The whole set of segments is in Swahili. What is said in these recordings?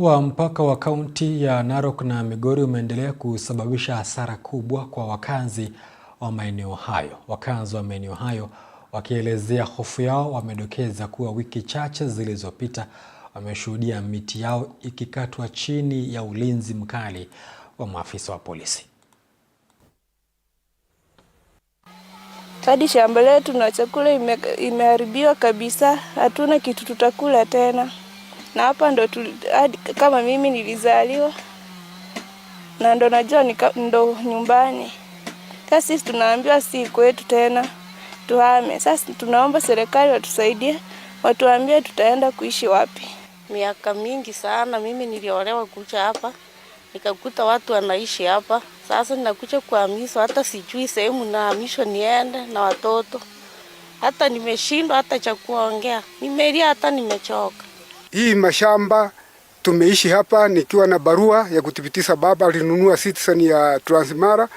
wa mpaka wa kaunti ya Narok na Migori umeendelea kusababisha hasara kubwa kwa wakazi wa maeneo hayo. Wakazi wa maeneo hayo wakielezea hofu yao, wamedokeza kuwa wiki chache zilizopita wameshuhudia miti yao ikikatwa chini ya ulinzi mkali wa maafisa wa polisi. Hadi shamba letu na chakula imeharibiwa kabisa, hatuna kitu tutakula tena na hapa ndo tu, hadi kama mimi nilizaliwa na ndo najua ndo nyumbani. Sasa sisi tunaambiwa si kwetu tena tuhame. Sasa tunaomba serikali watusaidie, watuambie tutaenda kuishi wapi. Miaka mingi sana mimi niliolewa kucha hapa, nikakuta watu wanaishi hapa. Sasa ninakuja kuhamishwa, hata sijui sehemu nahamishwa niende na watoto, hata nimeshindwa hata cha kuongea, nimelia, hata nimechoka hii mashamba tumeishi hapa nikiwa na barua ya kuthibitisha baba alinunua citizen ya Transmara.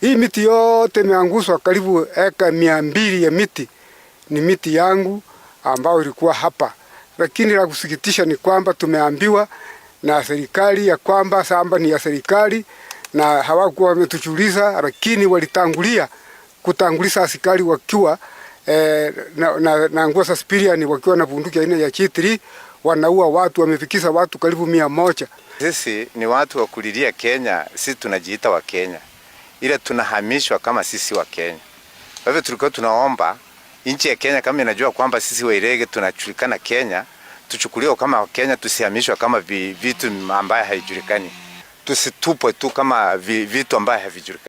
Hii miti yote imeanguswa, karibu eka mia mbili ya miti ni miti yangu ambayo ilikuwa hapa, lakini la kusikitisha ni kwamba tumeambiwa na serikali ya kwamba samba ni ya serikali na hawakuwa wametuchuliza, lakini walitangulia kutanguliza askari wakiwa eh, na, na, na nguo za spiriani wakiwa na bunduki aina ya G3 wanaua watu, wamefikisha watu karibu mia moja. Sisi ni watu wa kulilia Kenya, sisi tunajiita wa Kenya, ila tunahamishwa kama sisi wa Kenya. Kwa hivyo tulikuwa tunaomba nchi ya Kenya kama inajua kwamba sisi Wairege tunachulikana Kenya, tuchukuliwe kama Wakenya, tusihamishwe kama vitu ambaye haijulikani, tusitupwe tu kama vitu ambaye havijulikani.